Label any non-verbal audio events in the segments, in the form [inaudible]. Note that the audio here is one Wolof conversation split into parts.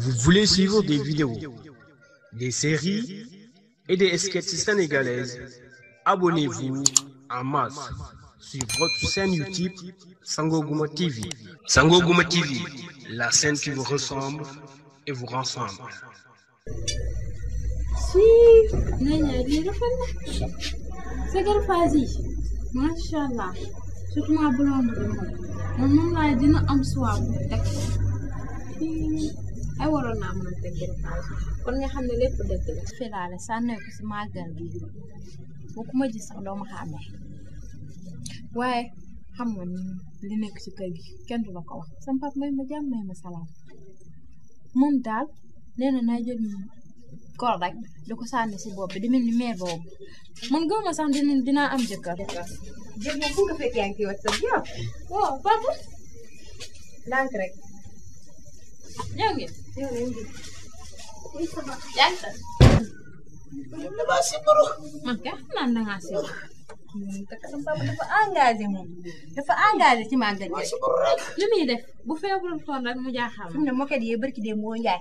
Vous voulez suivre des vidéos, des séries et des sketchs sénégalaises Abonnez-vous en masse sur votre chaîne YouTube Sangoguma TV. Sangoguma TV, la scène qui vous ressemble et vous rassemble. surtout ma blonde bi moom moom laay dina am soir d'accord ay waroon naa mën a teg kon nga xam ne lépp dëgg la. filaale sànnee si màggal bi boo ku sax doo ma xàmmee waaye xam nga li nekk ci kër gi kenn du la ko wax may ma jàmm may ma salaam moom na naa jël kor rek di ko sànni si bopp bi di mel ni meer boobu man gëw ma sax dina am jëkkër. jërëjëf fu nga fekk yaa ngi wax Yun, hindi. Yan. Ano ba si Puro? Magkakanan na nga siya. Takasang pa napaanggal din mo. Napaanggal si Magda. Lumide, buffet ko lang ton rek mu jaaxal. Fum ne mo kay bari ki de mo njaay.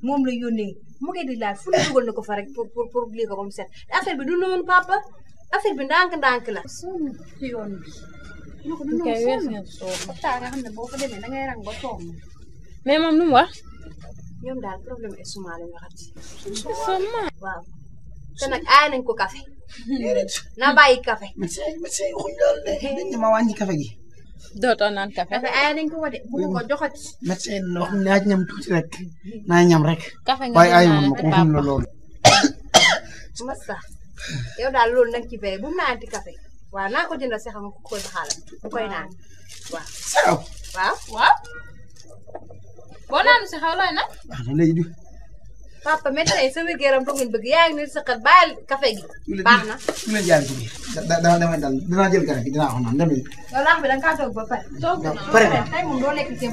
Mom di laaj fu ne dugal na ko fa rek pour pour pour lii ko ba mu set. Affaire bi du noonu papa. Affaire bi ndànk ndànk la. Sonn Mais moom nu mu ñoom daal problème estomac la ñu waxati. estomac waaw. te nag aay nañ ko café. na bàyyi café. médecin yi médecin yi waxuñu loolu de. dañ ma wàññi café gi. dootoo naan café. café aay nañ ko ko de bu ko joxati. médecin yi wax naa ñam tuuti rek naa ñam rek. café nga waaye aay ma ko waxuñu la loolu. [coughs] masa yow daal loolu nag ci bay bu mu naanti café waaw naa ko jëndal sax ma ko koy xaaral. bu koy naan waaw. waaw waaw. boo naanu si xaw looy nag. papa mais tey sa wér yaram bëgguñ bëgg yaa ngi nuyu sa kafe gi. baax na ku leen jaay ci biir. da da damay dal jël garab gi dinaa wax naan dem leen. yow lekk ceeb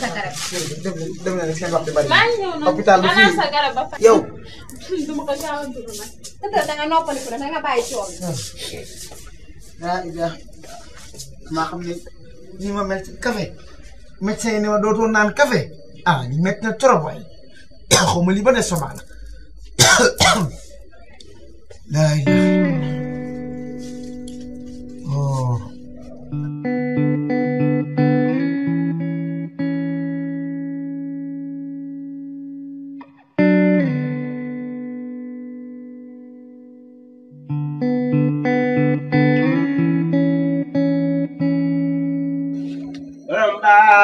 sa garab. dem dem na seen waxtu sa garab ba pare. yow. [laughs] du ma ko jaawantu nag. te nga noppaliku da ah. ni ma mel kafe. médecin yi ne ma dootoo naan café ah li na trop waaye [coughs] xaw ma li ba des [coughs] sama [coughs] la.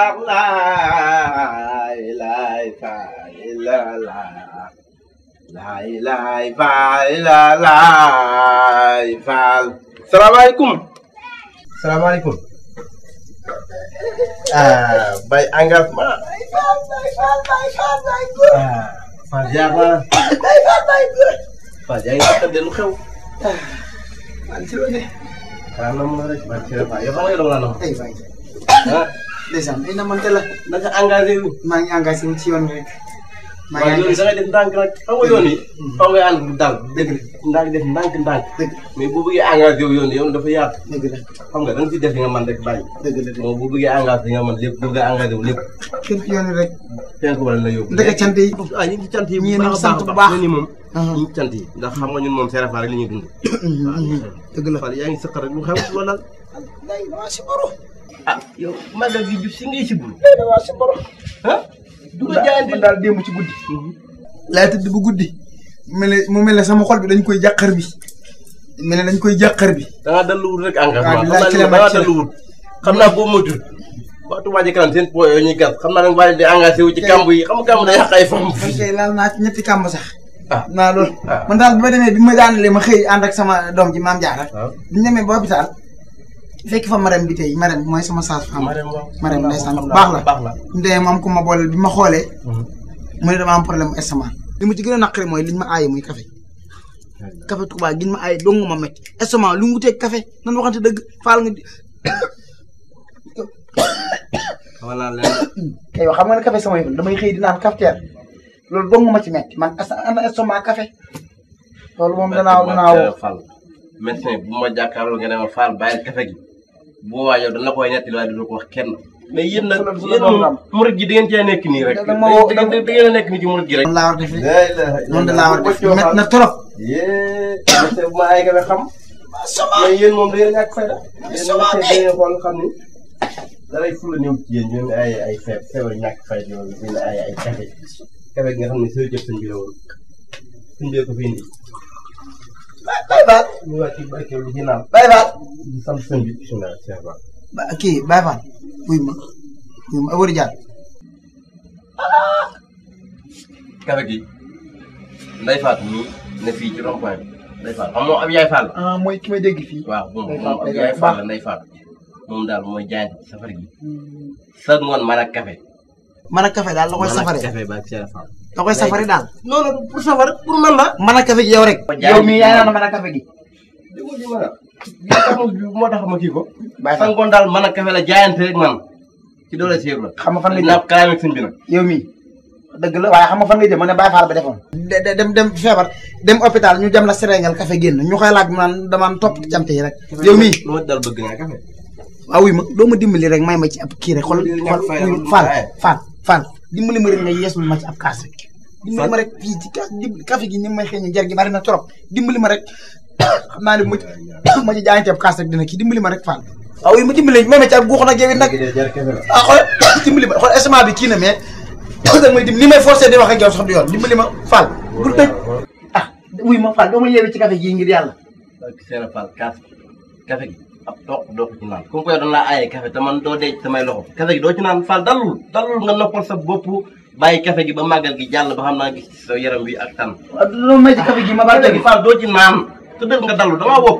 wax laay laay faay la laay laay laay faay la laay faal. salaamaaleykum. salaamaaleykum. ah bay engagement. ah Fatou Diakhoum. Fatou Diakhoum xew. Ah, man ci la ne. waaw man ma rek man ci la faa yow xam nga yow la ma la wax. ndeysaan ay namante la. naka engagé wu. maa ngi ci yoon da ngay nga yoon yi. faw ngay ànd bu dal. dëgg la ndànk def ndànk ndànk. dëgg yoon yoon dafa yaatu. dëgg la nga da nga ciy def li nga mën rek bàyyi. dëgg la moom bu bëggee engagé nga mën lépp bu bëggee engagé wu lépp. kenn ku yoon rek. kenn ku wala la yóbbu. dëgg cant yi. ah ñu ngi cant yi bu baax a baax ñu moom ñu ngi cant yi ndax xam nga ñun moom seerafa rek li ñuy dund. dëgg la Fall yaa ngi sëq rek lu ah yow magal gi jub si ngay si daal démb ci guddi. laay tëdd bu guddi. mu mel ne mu mel ne sama xol bi dañ koy jàqar bi. mel ne dañ koy jàqar bi. da ngaa dalluwul rek engagement. waaw ah, ci la ma ci la xam naa boo moytuwul. waxtu waa ji eh, xam naa nag waa ji wu ci kàmb yi xam nga kàmb day ay fam. man naa ñetti kàmb sax. Ah. naa loolu. Ah. man daal bi ma demee bi ma daanalee ma xëy ànd ak sama doom ji maam Diarra. waaw bi ñu ba hôpital fekk fa marem bi tey marem mooy sama saas am marem ndeysaan baax la baax la ndey moom ku ma boole bi ma xoolee mhm. mu ne dama am problème mu estomac li mu ci gën a naqari mooy liñ ma aaye muy café café Touba giñ ma aaye dong ma métti estomac lu mu wutee café nan waxante dëgg faal nga voilà léegi. tey xam nga ne café sama yëngu damay xëy di naan cafetière loolu dong ma ci métti man ana estomac café loolu moom danaa danaa woo médecin bu ma jàkkaarloo nga ne ma Fall bàyyi café gi boobaa yow dana la koy nettali waaye dina ko wax kenn. mais yéen nag yéen moom murid gi da ngeen cee nekk nii rek. da ngeen a nekk nii ci murid gi rek. noonu laa war a def noonu laa war a def met na trop. yéen ma ay nga xam. mais yéen moom da ngeen ñàkk fayda. yéen xool xam ni. dalay fula ñëw ci yéen ñoom ay ay feeb feebar ñàkk fayda yooyu ay ay kafe kafe gi nga xam ne sooy jëf sëñ bi la woon sëñ bi ko fi indi Baye Fall. ñu wàcc barke bi ginnaaw Baye Fall. di sant sëñ bi bisimilah Cheikh Fall. ba kii Baye Fall. wuy ma wuy ma kafe gi Ndeye Fatou ñu ne fii ci rond point bi Ndeye Fatou xam moom ah, mooy ki may fii. waaw moom daal mooy jaay safar gi. sën woon man ak kafe. man ak kafe daal la koy safaree man ak kafe da koy safari daal. non non man la. mën a kafe gi yow rek. yow mii yaa naan mën a kafe gi. ma moo tax ma kii ko. bàyyi sax sangoon daal man a kafe la jaayante rek man. ci doole séeru la. xam nga fan la ñu naan kalaame yow mii dagg la waaye xam nga fan nga jëm ma ne Baye Fall ba defoon. de dem dem feebar dem hôpital ñu dem la séréngal kafe génn ñu xëy laaj man damaa topp cant yi rek. yow mii lu ma dal bëgg ma dimbali rek may ma ci ab kii rek xool xool dimbali ma rek nga yeesul ma ci ab kaas rek. dimbali ma rek fii ci kaas kafe gi ni may xëy na jar gi bari na trop dimbali ma rek [coughs] xam naa ne [coughs] ma ci jaayante ab kaas rek dina kii dimbali ma rek Fall. ma dimbali ma ma ci ab guux nag yow it nag [coughs] ah xool dimbali ma xool SMA bi kii na mais da may ni may forcé di wax ak yow sax du yoon dimbali ma Fall. bul tëj ah wuy ma Fall doo ma yeewee ci kafe gii ngir yàlla. Fall kaas kafe gi. dok dok ci naan comme que doon laa aaye café te man doo denc samay loxo café gi doo ci naan fal dalul dalul nga noppal sa bopp bàyyi café gi ba màggal gi jàll ba xam naa gis sa yaram wi ak tan loolu may ci café gi ma bàyyi fal doo ci naan te dëgg nga dalul damaa wopp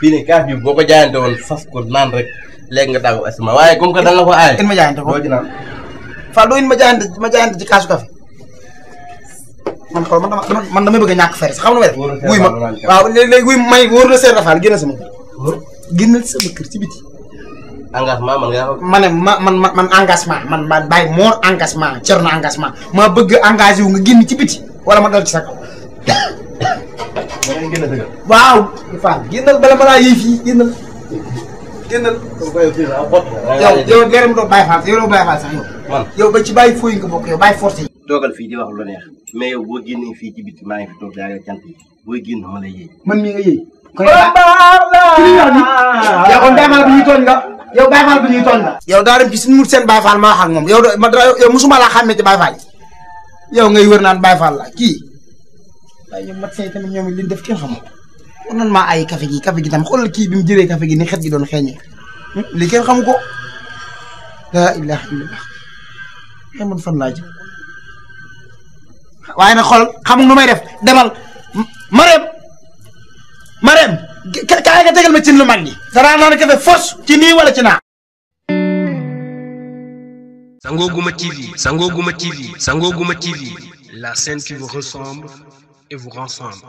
fii ne kaaf bi boo ko jaayante woon fas ko naan rek léegi nga tàggu asma waaye comme que dañ la ko aaye in ma jaayante ko doo ci naan fal doo in ma jaayante ma jaayante ci kaasu café man xool man dama man damay bëgg a ñàkk fere sax xam na ma def wuy ma waaw léegi léegi wuy may wóor na seer rafaan génn sama wóor génnal sa kër ci biti. engagement man nga ma ne ma man man engagement man man bàyyi moor engagement cer na engagement maa bëgg engagé wu nga génn ci biti wala ma dal ci sa kaw. ma ne génn dëgg. waaw. Fane génnal bala ma laa yëy fii génnal. génnal. yow yow gërëm doo bàyyi faal yow doo bàyyi faal sax yow. yow ba ci bàyyi bokk yow bàyyi force yi. toogal fii di wax lu neex mais yow boo fii ci biti maa ngi yow cant yi booy génn ma yow kon bayfal bu ñuy bayfal bu ñuy tooñ yow ma wax yow bai musuma ci bayfal yow ngay wër bayfal la mat say tamit ñoom liñ def kenn xamoo kon nan maa ay café gi café gi tam xoolal ki bi mu café gi ni xet gi doon li ko la ilaha illallah fan jëm def demal mareem nga tegal ma cin lu mag ñi. danaa naan café ci nii wala ci naa. Sango Gouma TV Sango Gouma TV Sango Gouma TV la scène qui vous ressemble et vous rassemble.